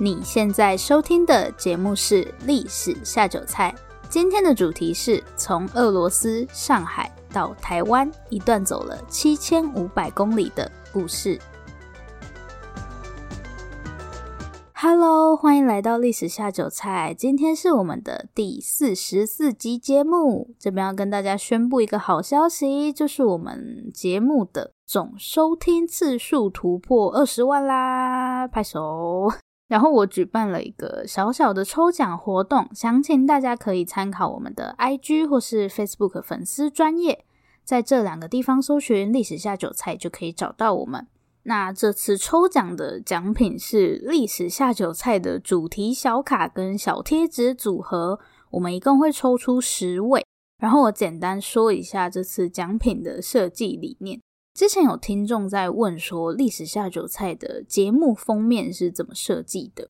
你現在收聽的節目是《歷史下酒菜》，今天的主題是從俄羅斯、上海到台灣，一段走了七千五百公里的故事。Hello，歡迎來到《歷史下酒菜》，今天是我們的第四十四集節目。這邊要跟大家宣布一個好消息，就是我們節目的總收聽次數突破二十萬啦！拍手。然後我舉辦了一個小小的抽獎活動，詳情大家可以參考我們的 IG 或是 Facebook 粉絲專頁，在這兩個地方搜尋“歷史下酒菜”就可以找到我們。那這次抽獎的獎品是“歷史下酒菜”的主題小卡跟小貼紙組合，我們一共會抽出十位。然後我簡單說一下這次獎品的設計理念。之前有聽眾在問說，歷史下酒菜的節目封面是怎麼設計的？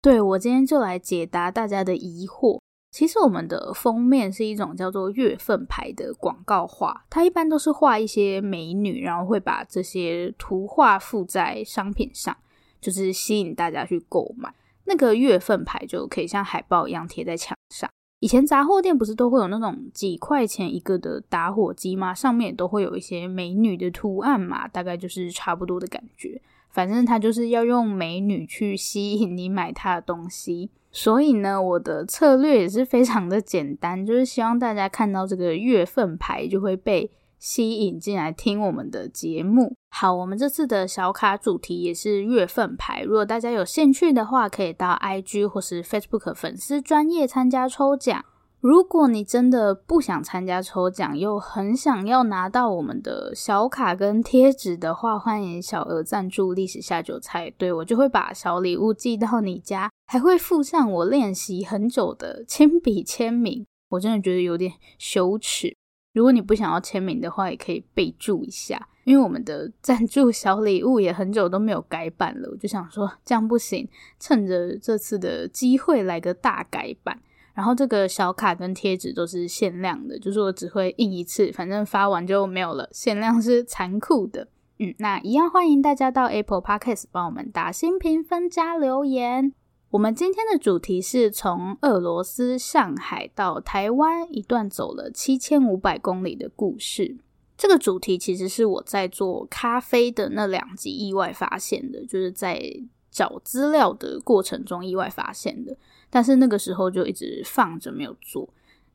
對，我今天就來解答大家的疑惑。其實我們的封面是一種叫做月份牌的廣告畫，它一般都是畫一些美女，然後會把這些圖畫附在商品上，就是吸引大家去購買。那個月份牌就可以像海報一樣貼在牆上。以前雜貨店不是都會有那種幾塊錢一個的打火機嗎？上面也都會有一些美女的圖案嘛，大概就是差不多的感覺。反正它就是要用美女去吸引你買它的東西。所以呢，我的策略也是非常的簡單，就是希望大家看到這個月份牌就會被。吸引進來聽我們的節目。好，我們這次的小卡主題也是月份牌。如果大家有興趣的話，可以到 IG 或是 Facebook 粉絲專頁參加抽獎。如果你真的不想參加抽獎，又很想要拿到我們的小卡跟貼紙的話，歡迎小額贊助歷史下酒菜，對我就會把小禮物寄到你家，還會附上我練習很久的親筆簽名。我真的覺得有點羞恥。如果你不想要簽名的話，也可以備註一下，因為我們的贊助小禮物也很久都沒有改版了。我就想說這樣不行，趁着這次的機會來個大改版。然後這個小卡跟貼紙都是限量的，就是我只會印一次，反正發完就沒有了。限量是殘酷的。嗯，那一樣歡迎大家到 Apple Podcast 幫我們打新評分加留言。我們今天的主題是從俄羅斯、上海到台灣，一段走了七千五百公里的故事。這個主題其實是我在做咖啡的那兩集意外發現的，就是在找資料的過程中意外發現的。但是那個時候就一直放着沒有做。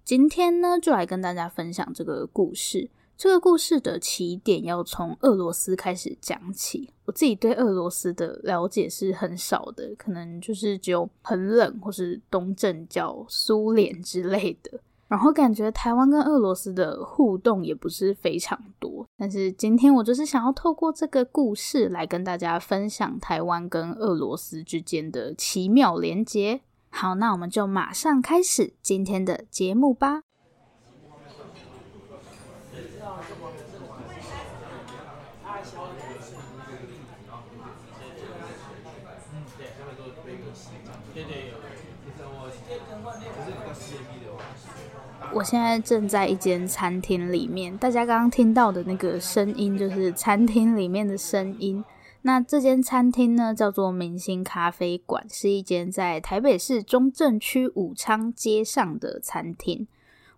今天呢，就來跟大家分享這個故事。這個故事的起點要從俄羅斯開始講起。我自己對俄羅斯的了解是很少的，可能就是只有很冷，或是東正教、蘇聯之類的。然後感覺台灣跟俄羅斯的互動也不是非常多。但是今天我就是想要透過這個故事來跟大家分享台灣跟俄羅斯之間的奇妙連結。好，那我們就馬上開始今天的節目吧。我現在正在一間餐廳裡面，大家剛剛聽到的那個聲音就是餐廳裡面的聲音。那這間餐廳呢，叫做明星咖啡館，是一間在台北市中正區武昌街上的餐廳。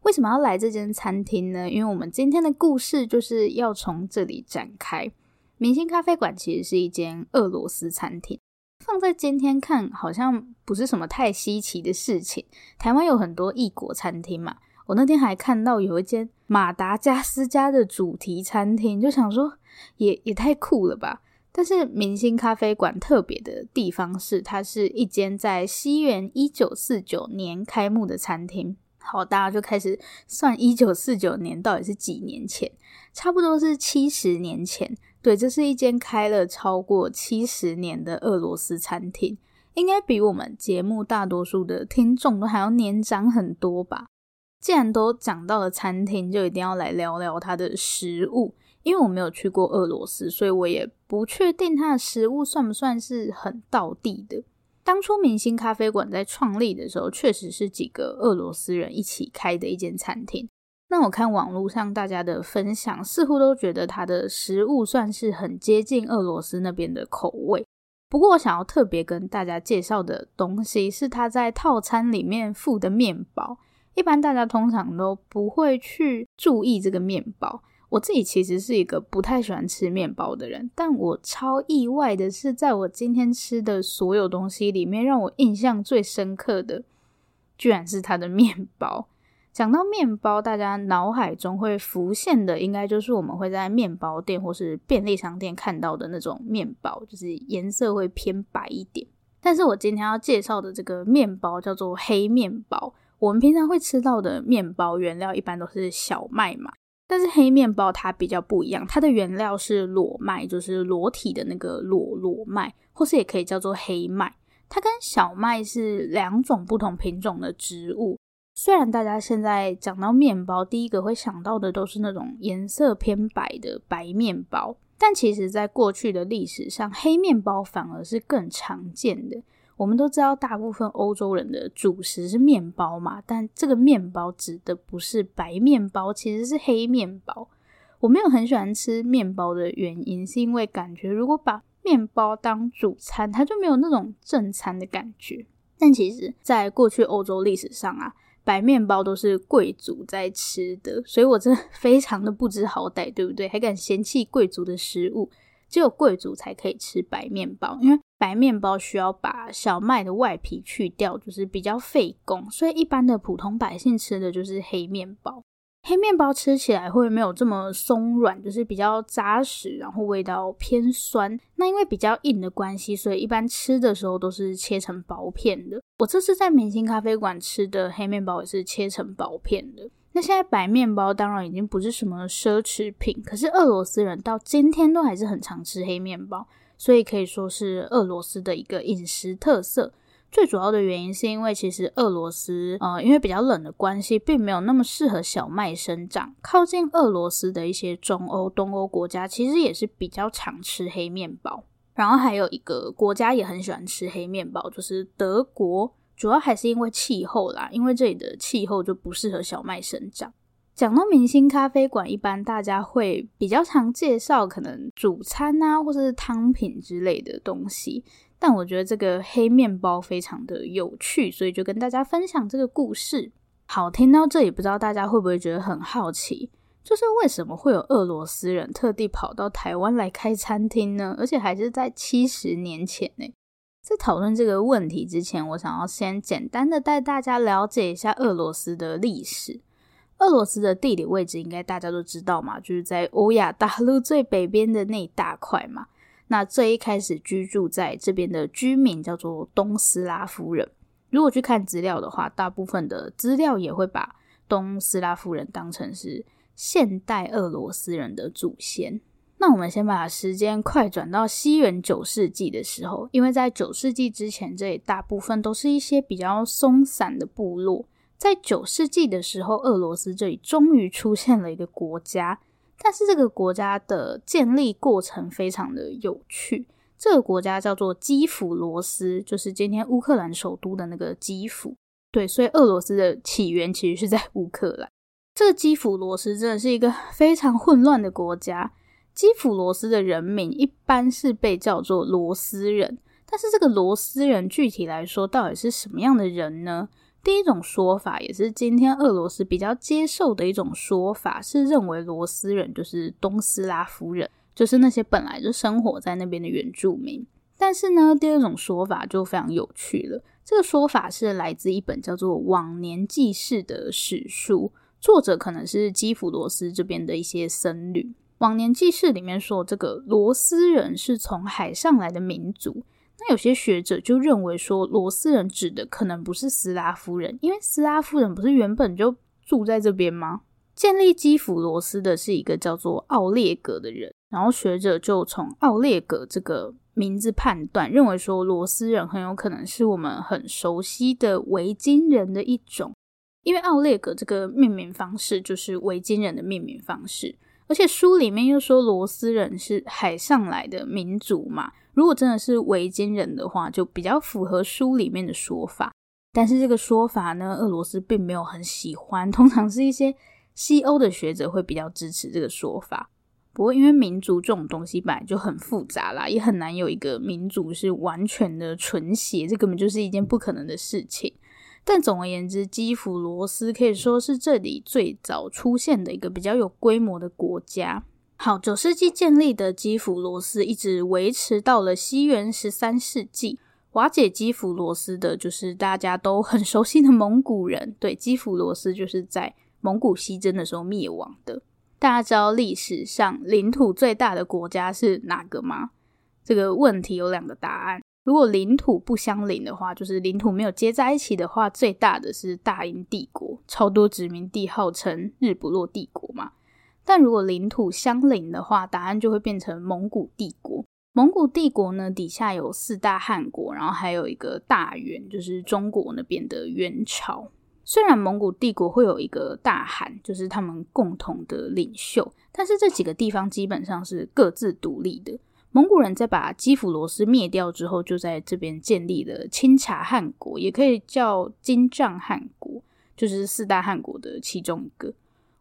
為什麼要來這間餐廳呢？因為我們今天的故事就是要從這裡展開。明星咖啡館其實是一間俄羅斯餐廳，放在今天看好像不是什麼太稀奇的事情。台灣有很多異國餐廳嘛。我那天還看到有一間馬達加斯加的主題餐廳，就想說也也太酷了吧！但是明星咖啡館特別的地方是，它是一間在西元一九四九年開幕的餐廳。好，大家就開始算一九四九年到底是幾年前，差不多是七十年前。對，這是一間開了超過七十年的俄羅斯餐廳，應該比我們節目大多數的聽眾都還要年長很多吧。既然都講到了餐廳，就一定要來聊聊它的食物。因為我沒有去過俄羅斯，所以我也不確定它的食物算不算是很道地的。當初明星咖啡館在創立的時候，確實是幾個俄羅斯人一起開的一間餐廳。那我看網絡上大家的分享，似乎都覺得它的食物算是很接近俄羅斯那邊的口味。不過，我想要特別跟大家介紹的東西是，它在套餐裡面附的麵包。一般大家通常都不會去注意這個麵包。我自己其實是一個不太喜歡吃面包的人，但我超意外的是，在我今天吃的所有東西裡面，讓我印象最深刻的，居然是它的面包。講到面包，大家腦海中會浮現的，應該就是我們會在面包店或是便利商店看到的那種麵包，就是顏色會偏白一點。但是我今天要介紹的這個麵包叫做黑面包。我們平常會吃到的麵包原料一般都是小麥嘛，但是黑麵包它比較不一樣，它的原料是裸麥，就是裸體的那個裸裸麥，或是也可以叫做黑麥。它跟小麥是兩種不同品種的植物。雖然大家現在講到麵包，第一個會想到的都是那種顏色偏白的白麵包，但其實在過去的歷史上，黑麵包反而是更常見的。我們都知道，大部分歐洲人的主食是麵包嘛，但這個麵包指的不是白麵包，其實是黑麵包。我沒有很喜歡吃麵包的原因，是因為感覺如果把麵包當主餐，它就沒有那種正餐的感覺。但其實，在過去歐洲歷史上啊，白麵包都是貴族在吃的，所以我真的非常的不知好歹，對不對？還敢嫌棄貴族的食物，只有貴族才可以吃白麵包，因為……白麵包需要把小麥的外皮去掉，就是比較費工，所以一般的普通百姓吃的就是黑麵包。黑麵包吃起來會沒有這麼鬆軟，就是比較扎實，然後味道偏酸。那因為比較硬的關係，所以一般吃的時候都是切成薄片的。我這次在明星咖啡館吃的黑麵包也是切成薄片的。那現在白麵包當然已經不是什麼奢侈品，可是俄羅斯人到今天都還是很常吃黑麵包。所以可以說是俄羅斯的一個飲食特色。最主要的原因是因為其實俄羅斯，呃，因為比較冷的關係，並沒有那麼適合小麥生長。靠近俄羅斯的一些中歐、東歐國家，其實也是比較常吃黑面包。然後還有一個國家也很喜歡吃黑面包，就是德國。主要還是因為氣候啦，因為這裡的氣候就不適合小麥生長。講到明星咖啡館，一般大家會比較常介紹可能主餐啊，或是湯品之類的東西。但我覺得這個黑面包非常的有趣，所以就跟大家分享這個故事。好，聽到這裡，不知道大家會不會覺得很好奇，就是為什麼會有俄羅斯人特地跑到台灣來開餐廳呢？而且還是在七十年前呢、欸。在討論這個問題之前，我想要先簡單的帶大家了解一下俄羅斯的歷史。俄羅斯的地理位置應該大家都知道嘛，就是在歐亞大陸最北邊的那一大塊嘛。那最一開始居住在這邊的居民叫做東斯拉夫人。如果去看資料的話，大部分的資料也會把東斯拉夫人當成是現代俄羅斯人的祖先。那我們先把時間快轉到西元九世紀的時候，因為在九世紀之前，這裡大部分都是一些比較鬆散的部落。在九世紀的時候，俄羅斯這裡終於出現了一個國家，但是這個國家的建立過程非常的有趣。這個國家叫做基輔羅斯，就是今天烏克蘭首都的那個基輔。對，所以俄羅斯的起源其實是在烏克蘭。這個基輔羅斯真的是一個非常混亂的國家。基輔羅斯的人民一般是被叫做羅斯人，但是這個羅斯人具體來說到底是什麼樣的人呢？第一種說法也是今天俄羅斯比較接受的一種說法，是認為羅斯人就是東斯拉夫人，就是那些本來就生活在那邊的原住民。但是呢，第二種說法就非常有趣了。這個說法是來自一本叫做《往年紀事》的史書，作者可能是基輔羅斯這邊的一些僧侶。《往年紀事》裡面說，這個羅斯人是從海上來的民族。那有些學者就認為說，羅斯人指的可能不是斯拉夫人，因為斯拉夫人不是原本就住在這邊嗎？建立基輔羅斯的是一個叫做奧列格的人，然後學者就從奧列格這個名字判斷，認為說，羅斯人很有可能是我們很熟悉的維京人的一種，因為奧列格這個命名方式就是維京人的命名方式。而且書裡面又說羅斯人是海上來的民族嘛，如果真的是維京人的話，就比較符合書裡面的說法。但是這個說法呢，俄羅斯並沒有很喜歡，通常是一些西歐的學者會比較支持這個說法。不過因為民族這種東西本來就很複雜啦，也很難有一個民族是完全的純血，這根本就是一件不可能的事情。但總而言之，基輔羅斯可以說是這裡最早出現的一個比較有規模的國家。好，九世紀建立的基輔羅斯一直維持到了西元十三世紀。瓦解基輔羅斯的就是大家都很熟悉的蒙古人。對，基輔羅斯就是在蒙古西征的時候滅亡的。大家知道歷史上領土最大的國家是哪個嗎？這個問題有兩個答案。如果領土不相鄰的話，就是領土沒有接在一起的話，最大的是大英帝國，超多殖民地，號稱日不落帝國嘛。但如果領土相鄰的話，答案就會變成蒙古帝國。蒙古帝國呢，底下有四大汗國，然後還有一個大元，就是中國那邊的元朝。雖然蒙古帝國會有一個大汗，就是他們共同的領袖，但是這幾個地方基本上是各自獨立的。蒙古人在把基輔羅斯滅掉之後，就在這邊建立了欽察汗國，也可以叫金帳汗國，就是四大汗國的其中一個。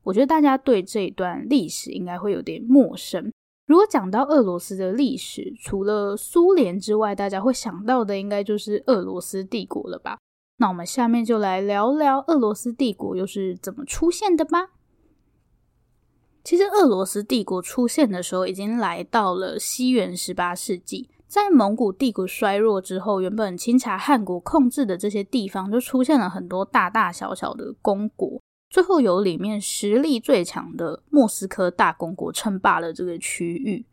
我覺得大家對這一段歷史應該會有點陌生。如果講到俄羅斯的歷史，除了蘇聯之外，大家會想到的應該就是俄羅斯帝國了吧？那我們下面就來聊聊俄羅斯帝國又是怎麼出現的吧。其實，俄羅斯帝國出現的時候，已經來到了西元十八世紀。在蒙古帝國衰弱之後，原本欽察汗國控制的這些地方，就出現了很多大大小小的公國。最後，由裡面實力最強的莫斯科大公國稱霸了這個區域。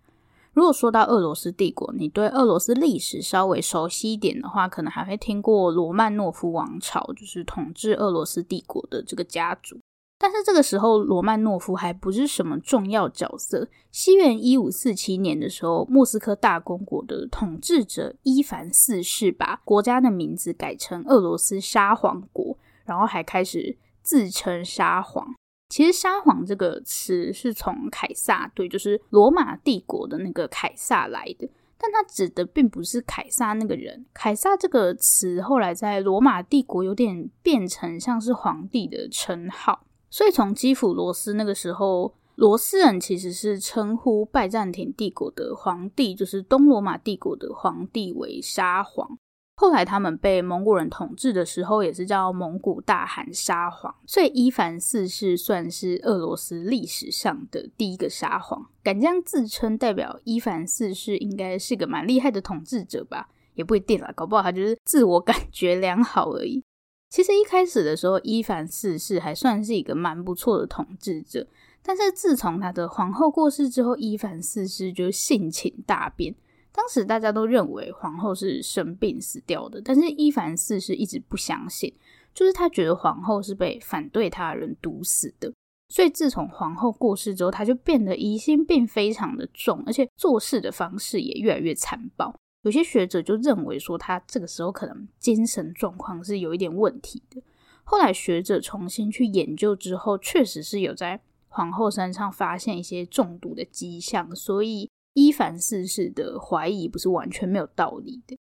如果說到俄羅斯帝國，你對俄羅斯歷史稍微熟悉一點的話，可能還會聽過羅曼諾夫王朝，就是統治俄羅斯帝國的這個家族。但是這個時候，羅曼諾夫還不是什麼重要角色。西元一五四七年的時候，莫斯科大公國的統治者伊凡四世把國家的名字改成俄羅斯沙皇國，然後還開始自稱沙皇。其實“沙皇”這個詞是從凱撒，對，就是羅馬帝國的那個凱撒來的，但他指的並不是凱撒那個人。凱撒這個詞後來在羅馬帝國有點變成像是皇帝的稱號。所以從基輔羅斯那個時候，羅斯人其實是稱呼拜占庭帝國的皇帝，就是東羅馬帝國的皇帝為沙皇。後來他們被蒙古人統治的時候，也是叫蒙古大汗沙皇。所以伊凡四世算是俄羅斯歷史上的第一個沙皇，敢這樣自稱，代表伊凡四世應該是個蠻厲害的統治者吧？也不一定啦，搞不好他就是自我感覺良好而已。其實一開始的時候，伊凡四世還算是一個蠻不錯的統治者。但是自從他的皇后過世之後，伊凡四世就性情大變。當時大家都認為皇後是生病死掉的，但是伊凡四世一直不相信，就是他覺得皇後是被反對他的人毒死的。所以自從皇后過世之後，他就變得疑心病非常的重，而且做事的方式也越來越殘暴。有些學者就認為說，他這個時候可能精神狀況是有一點問題的。後來學者重新去研究之後，確實是有在皇后身上發現一些中毒的跡象，所以伊凡四世的懷疑不是完全沒有道理的。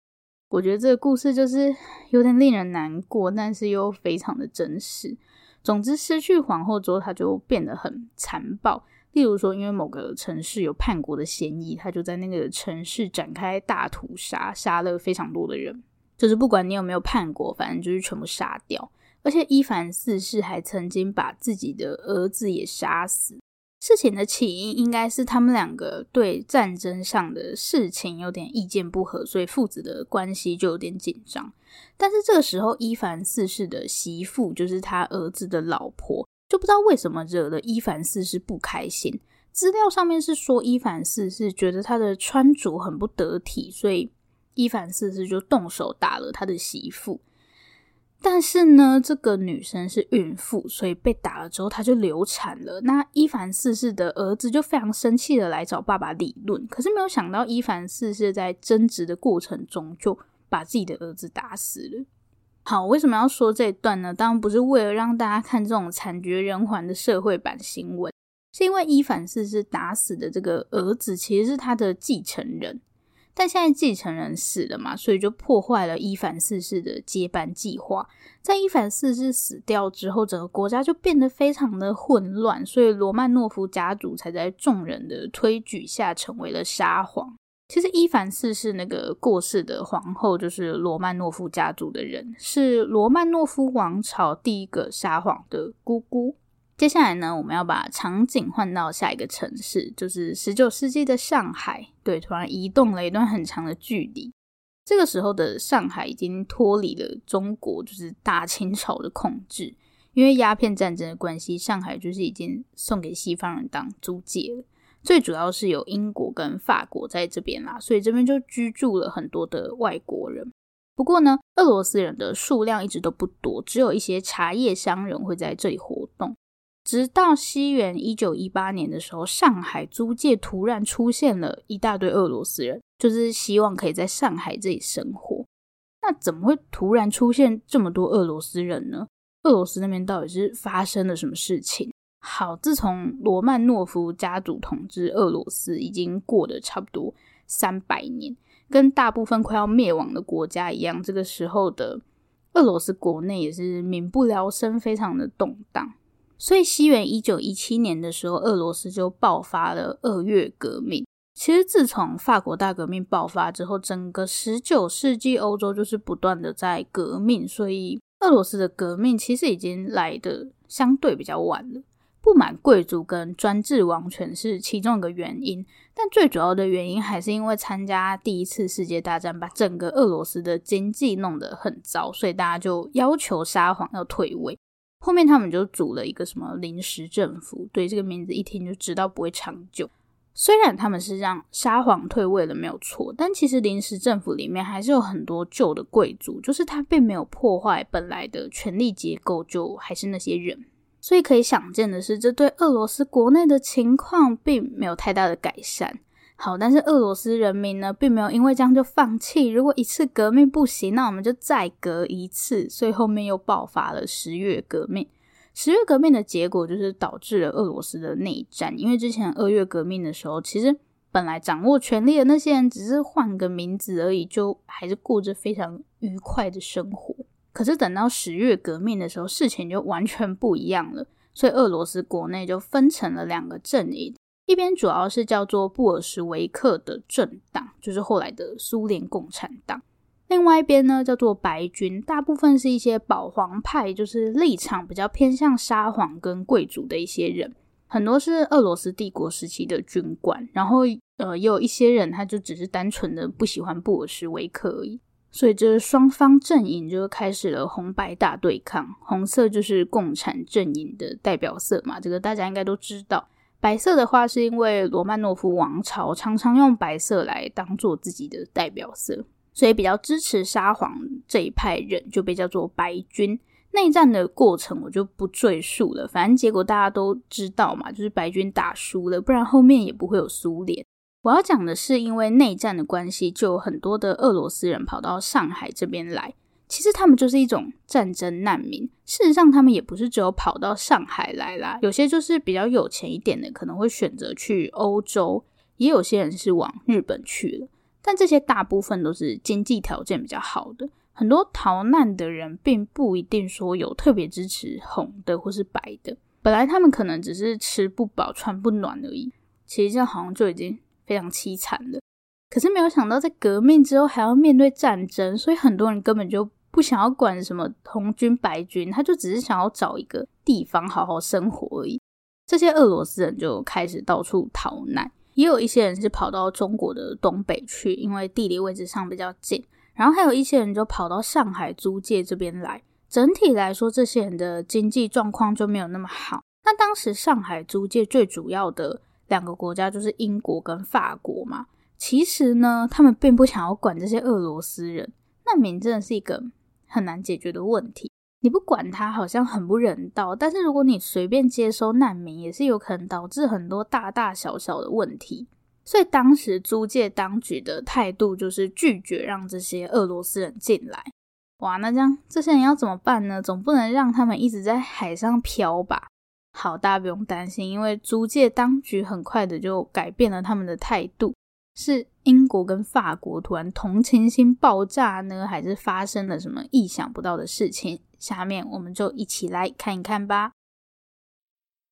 我覺得這個故事就是有點令人難過，但是又非常的真實。總之，失去皇後之後，他就變得很殘暴。例如說，因為某個城市有叛國的嫌疑，他就在那個城市展開大屠殺，殺了非常多的人。就是不管你有沒有叛國，反正就是全部殺掉。而且伊凡四世還曾經把自己的兒子也殺死。事情的起因應，應該是他們兩個對戰爭上的事情有點意見不合，所以父子的關係就有點緊張。但是這個時候，伊凡四世的媳婦就是他兒子的老婆。就不知道為什麼惹了伊凡四世不開心。資料上面是說伊凡四世覺得他的穿着很不得體，所以伊凡四世就動手打了他的媳婦。但是呢，這個女生是孕婦，所以被打了之後她就流產了。那伊凡四世的兒子就非常生氣的來找爸爸理論，可是沒有想到伊凡四世在爭執的過程中就把自己的兒子打死了。好，為什麼要說這一段呢？當然不是為了讓大家看這種慘絕人寰的社會版新聞，是因為伊凡四世打死的這個兒子其實是他的繼承人，但現在繼承人死了嘛，所以就破壞了伊凡四世的接班計劃。在伊凡四世死掉之後，整個國家就變得非常的混亂，所以羅曼諾夫家族才在眾人的推舉下成為了沙皇。其實伊凡四世那個過世的皇後，就是羅曼諾夫家族的人，是羅曼諾夫王朝第一個沙皇的姑姑。接下來呢，我們要把場景換到下一個城市，就是十九世紀的上海。對，突然移動了一段很長的距離。這個時候的上海已經脫離了中國，就是大清朝的控制，因為鴉片戰爭的關係，上海就是已經送給西方人當租界了。最主要是有英國跟法國在這邊啦，所以這邊就居住了很多的外國人。不過呢，俄羅斯人的數量一直都不多，只有一些茶葉商人會在這裡活動。直到西元一九一八年的時候，上海租界突然出現了一大堆俄羅斯人，就是希望可以在上海這裡生活。那怎麼會突然出現這麼多俄羅斯人呢？俄羅斯那邊到底是發生了什麼事情？好，自從羅曼諾夫家族統治俄羅斯已經過了差不多三百年，跟大部分快要滅亡的國家一樣，這個時候的俄羅斯國內也是民不聊生，非常的動盪。所以，西元一九一七年的時候，俄羅斯就爆發了二月革命。其實，自從法國大革命爆發之後，整個十九世紀歐洲就是不斷的在革命，所以俄羅斯的革命其實已經來得相對比較晚了。不滿貴族跟專制王權是其中一個原因，但最主要的原因還是因為參加第一次世界大戰把整個俄羅斯的經濟弄得很糟，所以大家就要求沙皇要退位。後面他們就組了一個什麼臨時政府，對這個名字一聽就知道不會長久。雖然他們是讓沙皇退位了沒有錯，但其實臨時政府裡面還是有很多舊的貴族，就是他並沒有破壞本來的權力結構，就還是那些人。所以可以想見的是，這對俄羅斯國內的情況並沒有太大的改善。好，但是俄羅斯人民呢，並沒有因為這樣就放棄。如果一次革命不行，那我們就再革一次。所以後面又爆發了十月革命。十月革命的結果就是導致了俄羅斯的內戰。因為之前二月革命的時候，其實本來掌握權力的那些人，只是換個名字而已，就還是過着非常愉快的生活。可是等到十月革命的時候，事情就完全不一樣了。所以俄羅斯國內就分成了兩個陣營，一邊主要是叫做布爾什維克的政黨，就是後來的蘇聯共產黨；另外一邊呢，叫做白軍，大部分是一些保皇派，就是立場比較偏向沙皇跟貴族的一些人，很多是俄羅斯帝國時期的軍官。然後呃，也有一些人他就只是單純的不喜歡布爾什維克而已。所以，這雙方陣營就開始了紅白大對抗。紅色就是共產陣營的代表色嘛，這個大家應該都知道。白色的話，是因為羅曼諾夫王朝常常用白色來當做自己的代表色，所以比較支持沙皇這一派人，就被叫做白軍。內戰的過程我就不贅述了，反正結果大家都知道嘛，就是白軍打輸了，不然後面也不會有蘇聯。我要講的是，因為內戰的關係，就有很多的俄羅斯人跑到上海這邊來。其實他們就是一種戰爭難民。事實上，他們也不是只有跑到上海來啦。有些就是比較有錢一點的，可能會選擇去歐洲，也有些人是往日本去了。但這些大部分都是經濟條件比較好的。很多逃難的人並不一定說有特別支持紅的或是白的。本來他們可能只是吃不飽、穿不暖而已。其實這樣好像就已經。非常淒慘的，可是沒有想到在革命之後還要面對戰爭，所以很多人根本就不想要管什麼紅軍白軍，他就只是想要找一個地方好好生活而已。這些俄羅斯人就開始到處逃難，也有一些人是跑到中國的東北去，因為地理位置上比較近，然後還有一些人就跑到上海租界這邊來。整體來說，這些人的經濟狀況就沒有那麼好。那當時上海租界最主要的兩個國家就是英國跟法國嘛，其實呢，他們並不想要管這些俄羅斯人。難民真的是一個很難解決的問題。你不管他，好像很不人道；但是如果你隨便接收難民，也是有可能導致很多大大小小的問題。所以當時租界當局的態度就是拒絕讓這些俄羅斯人進來。哇，那這樣這些人要怎麼辦呢？總不能讓他們一直在海上漂吧？好，大家不用擔心，因為租界當局很快的就改變了他們的態度。是英國跟法國突然同情心爆炸呢，那個、還是發生了什麼意想不到的事情？下面我們就一起來看一看吧。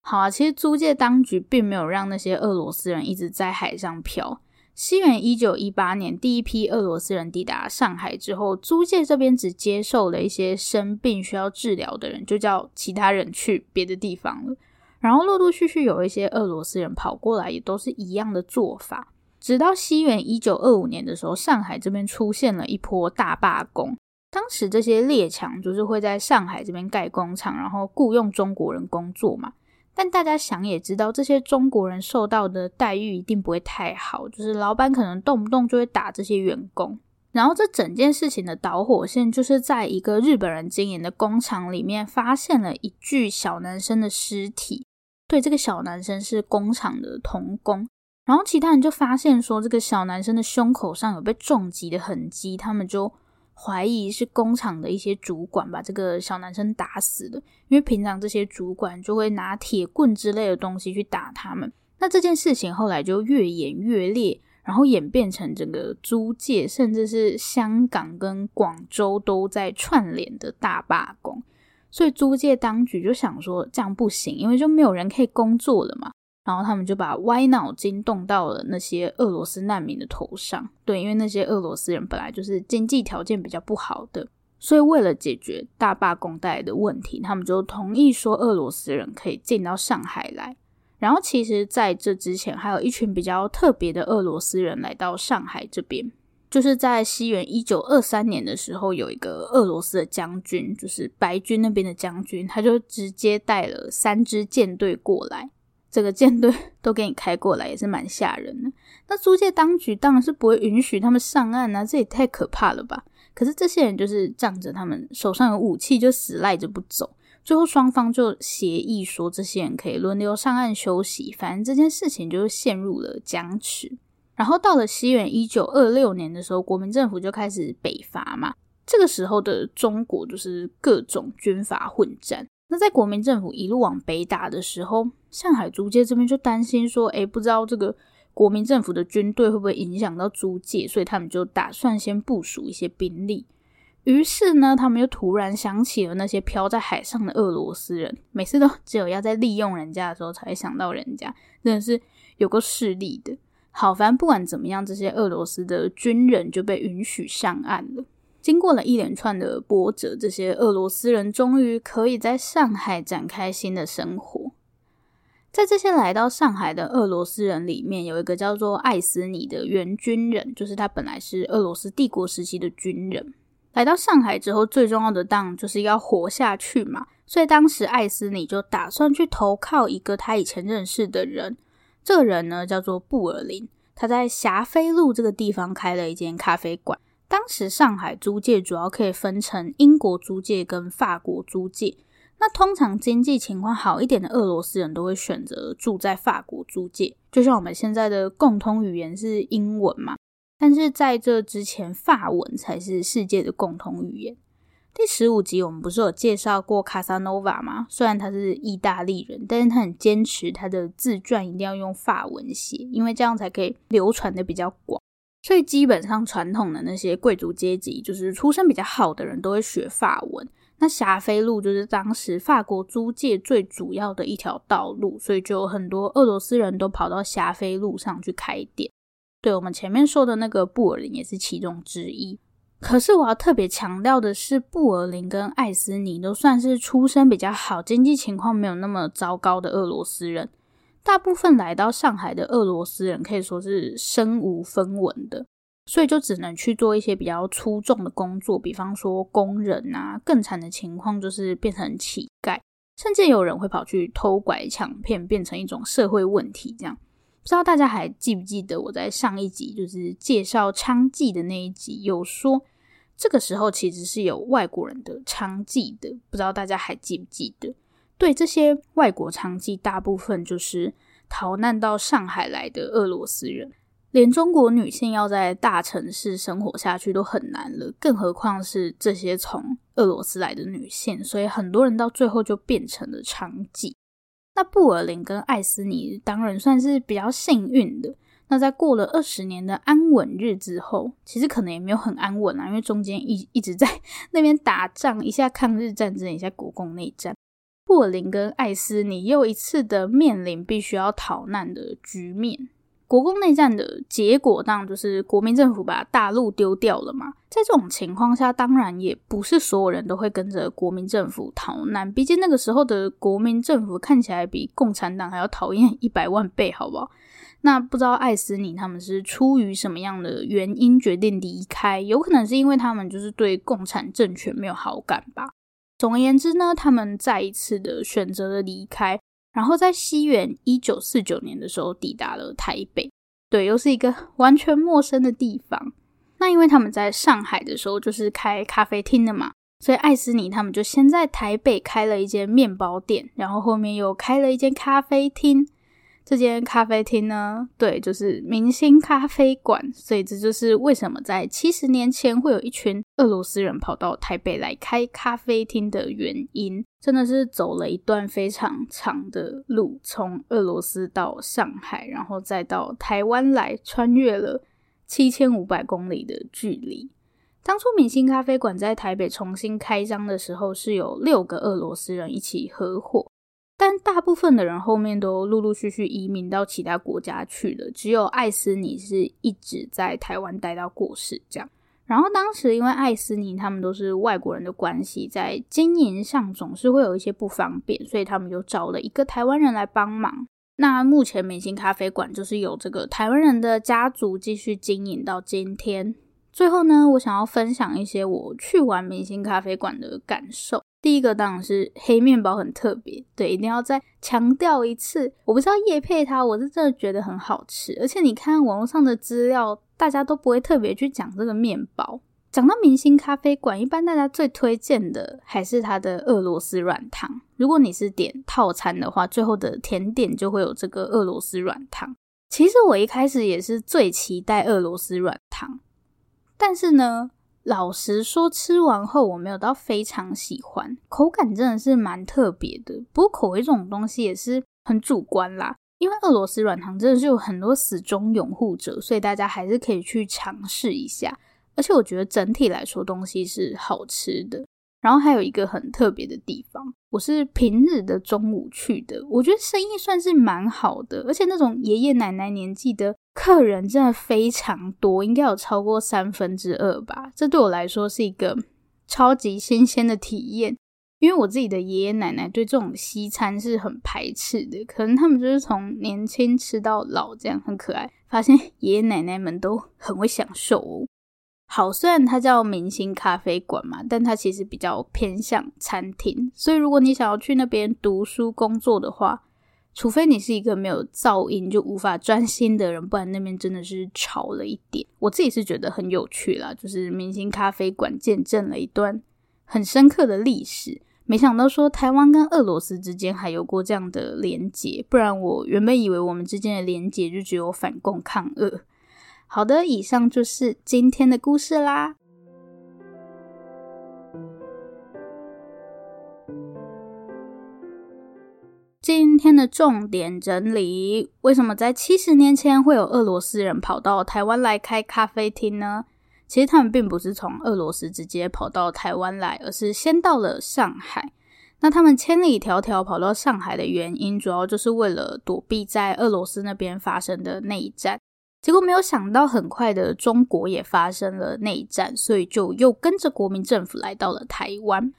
好啊，其實租界當局並沒有讓那些俄羅斯人一直在海上漂。西元一九一八年，第一批俄羅斯人抵達上海之後，租界這邊只接受了一些生病需要治療的人，就叫其他人去別的地方了。然後陸陸續續有一些俄羅斯人跑過來，也都是一樣的做法。直到西元一九二五年的時候，上海這邊出現了一波大罷工。當時這些列強就是會在上海這邊蓋工廠，然後僱傭中國人工作嘛。但大家想也知道，這些中國人受到的待遇一定不會太好，就是老闆可能動不動就會打這些員工。然後這整件事情的導火線，就是在一個日本人經營的工廠裡面，發現了一具小男生的屍體。對，這個小男生是工廠的童工，然後其他人就發現說，這個小男生的胸口上有被重擊的痕跡，他們就，懷疑是工廠的一些主管把這個小男生打死的，因為平常這些主管就會拿鐵棍之類的東西去打他們。那這件事情後來就越演越烈，然後演變成整個租界，甚至是香港跟廣州都在串聯的大罷工。所以租界當局就想說這樣不行，因為就沒有人可以工作了嘛。然後他們就把歪腦筋動到了那些俄羅斯難民的頭上，對，因為那些俄羅斯人本來就是經濟條件比較不好的，所以為了解決大罷工帶來的問題，他們就同意說俄羅斯人可以進到上海來。然後其實在這之前，還有一群比較特別的俄羅斯人來到上海這邊，就是在西元一九二三年的時候，有一個俄羅斯的將軍，就是白軍那邊的將軍，他就直接帶了三支艦隊過來。這個艦隊都給你開過來也是蠻嚇人的。那租界當局當然是不會允許他們上岸啊，這也太可怕了吧！可是這些人就是仗着他們手上有武器，就死賴着不走。最後雙方就協議說，這些人可以輪流上岸休息，反正這件事情就是陷入了僵持。然後到了西元一九二六年的時候，國民政府就開始北伐嘛。這個時候的中國就是各種軍閥混戰。那在國民政府一路往北打的時候，上海租界這邊就擔心說，哎、欸，不知道這個國民政府的軍隊會不會影響到租界，所以他們就打算先部署一些兵力。於是呢，他們又突然想起了那些漂在海上的俄羅斯人，每次都只有要在利用人家的時候才會想到人家，真的是有夠勢利的。好，反正，不管怎麼樣，這些俄羅斯的軍人就被允許上岸了。經過了一連串的波折，這些俄羅斯人終於可以在上海展開新的生活。在這些來到上海的俄羅斯人裡面，有一個叫做艾斯尼的原軍人，就是他本來是俄羅斯帝國時期的軍人。來到上海之後，最重要的當然就是要活下去嘛。所以當時艾斯尼就打算去投靠一個他以前認識的人，這個人呢叫做布爾林，他在霞飛路這個地方開了一間咖啡館。當時上海租界主要可以分成英國租界跟法國租界，那通常經濟情況好一點的俄羅斯人都會選擇住在法國租界，就像我們現在的共通語言是英文嘛，但是在這之前，法文才是世界的共同語言。第十五集我們不是有介紹過卡薩諾瓦嗎？雖然他是意大利人，但是他很堅持他的自傳一定要用法文寫，因為這樣才可以流傳得比較廣。所以基本上傳統的那些貴族階級，就是出身比較好的人都會學法文。那霞飛路就是當時法國租界最主要的一條道路，所以就很多俄羅斯人都跑到霞飛路上去開店。對，我們前面說的那個布爾林也是其中之一。可是我要特別強調的是，布爾林跟艾斯尼都算是出身比較好、經濟情況沒有那麼糟糕的俄羅斯人。大部分來到上海的俄羅斯人可以說是身無分文的，所以就只能去做一些比較粗重的工作，比方說工人啊。更慘的情況就是變成乞丐，甚至有人會跑去偷、拐、搶、騙，變成一種社會問題這樣。不知道大家還記不記得我在上一集就是介紹娼妓的那一集，有說這個時候其實是有外國人的娼妓的，不知道大家還記不記得？對，這些外國娼妓，大部分就是逃難到上海來的俄羅斯人。連中國女性要在大城市生活下去都很難了，更何況是這些從俄羅斯來的女性。所以很多人到最後就變成了娼妓。那布爾林跟艾斯尼當然算是比較幸運的。那在過了二十年的安穩日之後，其實可能也沒有很安穩啊，因為中間一一直在那邊打仗，一下抗日戰爭，一下國共內戰。洛林跟艾斯尼又一次的面臨必須要逃難的局面。國共內戰的結果，當然就是國民政府把大陸丟掉了嘛。在這種情況下，當然也不是所有人都會跟着國民政府逃難。畢竟那個時候的國民政府看起來比共產黨還要討厭一百萬倍，好不好？那不知道艾斯尼他們是出於什麼樣的原因決定離開，有可能是因為他們就是對共產政權沒有好感吧。總而言之呢，他們再一次的選擇了離開，然後在西元一九四九年的時候抵達了台北，對，又是一個完全陌生的地方。那因為他們在上海的時候就是開咖啡廳的嘛，所以艾斯尼他們就先在台北開了一間麵包店，然後後面又開了一間咖啡廳。這間咖啡廳呢？對，就是明星咖啡館，所以這就是為什麼在七十年前會有一群俄羅斯人跑到台北來開咖啡廳的原因。真的是走了一段非常長的路，從俄羅斯到上海，然後再到台灣來，穿越了七千五百公里的距離。當初明星咖啡館在台北重新開張的時候，是有六個俄羅斯人一起合夥。但大部分的人後面都陸陸續續移民到其他國家去了，只有艾斯尼是一直在台灣待到過世這樣。然後當時因為艾斯尼他們都是外國人的關係，在經營上總是會有一些不方便，所以他們就找了一個台灣人來幫忙。那目前明星咖啡館就是由這個台灣人的家族繼續經營到今天。最後呢，我想要分享一些我去玩明星咖啡館的感受。第一個當然是黑面包很特別，對，一定要再強調一次。我不是要業配它，我是真的覺得很好吃。而且你看網路上的資料，大家都不會特別去講這個麵包。講到明星咖啡館，一般大家最推薦的還是它的俄羅斯軟糖。如果你是點套餐的話，最後的甜點就會有這個俄羅斯軟糖。其實我一開始也是最期待俄羅斯軟糖。但是呢，老實說，吃完後我沒有到非常喜歡，口感真的是蠻特別的。不過，口味這種東西也是很主觀啦。因為俄羅斯軟糖真的是有很多死忠擁護者，所以大家還是可以去嘗試一下。而且，我覺得整體來說東西是好吃的。然後還有一個很特別的地方，我是平日的中午去的，我覺得生意算是蠻好的。而且，那種爺爺奶奶年紀的。客人真的非常多，應該有超過三分之二吧。這對我來說是一個超級新鮮的體驗，因為我自己的爺爺奶奶對這種西餐是很排斥的，可能他們就是從年輕吃到老，這樣很可愛。發現爺爺奶奶們都很會享受哦。好，雖然它叫明星咖啡館嘛，但它其實比較偏向餐廳，所以如果你想要去那邊讀書工作的話。除非你是一個沒有噪音就無法專心的人，不然那邊真的是吵了一點。我自己是覺得很有趣啦，就是明星咖啡館見證了一段很深刻的歷史。沒想到說台灣跟俄羅斯之間還有過這樣的連結，不然我原本以為我們之間的連結就只有反共抗俄。好的，以上就是今天的故事啦。今天的重點整理，為什麼在七十年前會有俄羅斯人跑到台灣來開咖啡廳呢？其實他們並不是從俄羅斯直接跑到台灣來，而是先到了上海。那他們千里迢迢跑到上海的原因，主要就是為了躲避在俄羅斯那邊發生的內戰。結果沒有想到，很快的中國也發生了內戰，所以就又跟着國民政府來到了台灣。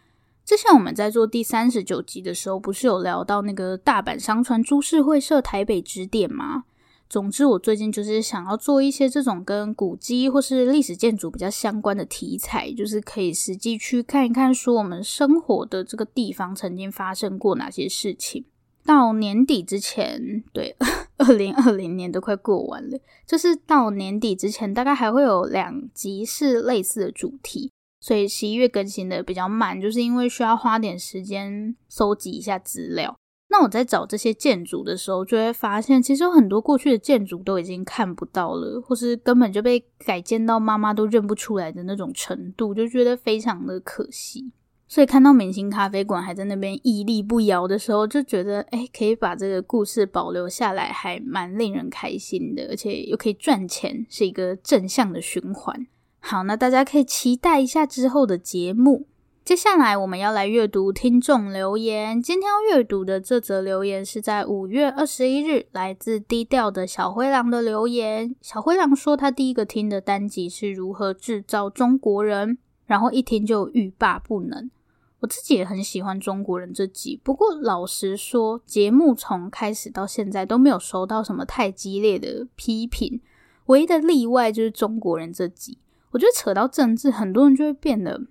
之前我們在做第三十九集的時候，不是有聊到那個大阪商船株式會社台北支店嗎？總之，我最近就是想要做一些這種跟古蹟或是歷史建築比較相關的題材，就是可以實際去看一看，說我們生活的這個地方曾經發生過哪些事情。到年底之前，對，二零二零年都快過完了，就是到年底之前，大概還會有兩集是類似的主題。所以十一月更新的比較慢，就是因為需要花點時間搜集一下資料。那我在找這些建築的時候，就會發現其實有很多過去的建築都已經看不到了，或是根本就被改建到媽媽都認不出來的那種程度，就覺得非常的可惜。所以看到明星咖啡館還在那邊屹立不搖的時候，就覺得哎、欸，可以把這個故事保留下來，還蠻令人開心的，而且又可以賺錢，是一個正向的循環。好，那大家可以期待一下之後的節目。接下來我們要來閱讀聽眾留言。今天要閱讀的這則留言是在五月二十一日，來自低調的小灰狼的留言。小灰狼說，他第一個聽的單集是如何制造中國人，然後一聽就欲罷不能。我自己也很喜歡中國人這集，不過老實說，節目從開始到現在都沒有收到什麼太激烈的批評。唯一的例外就是中國人這集。我覺得扯到政治，很多人就會變得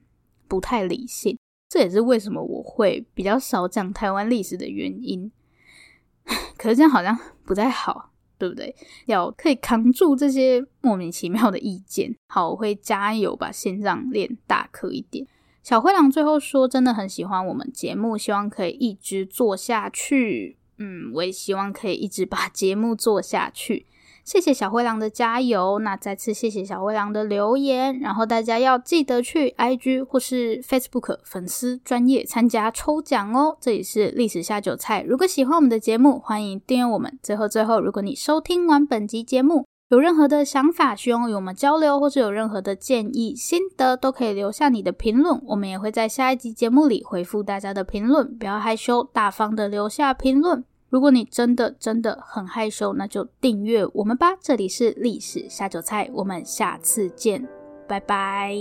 不太理性，這也是為什麼我會比較少講台灣歷史的原因。可是這樣好像不太好，對不對？要可以扛住這些莫名其妙的意見，好，我會加油把心臟練大顆一點。小灰狼最後說，真的很喜歡我們節目，希望可以一直做下去。嗯，我也希望可以一直把節目做下去。謝謝小灰狼的加油，那再次謝謝小灰狼的留言。然後大家要記得去 I G 或是 Facebook 粉絲專頁參加抽獎哦。這裡是歷史下酒菜。如果喜歡我們的節目，歡迎訂閱我們。最後最後，如果你收聽完本集節目，有任何的想法，希望與我們交流，或者有任何的建議、心得，都可以留下你的評論。我們也會在下一集節目裡回復大家的評論。不要害羞，大方的留下評論。如果你真的真的很害羞，那就訂閱我們吧。這裡是歷史下酒菜，我們下次見，拜拜。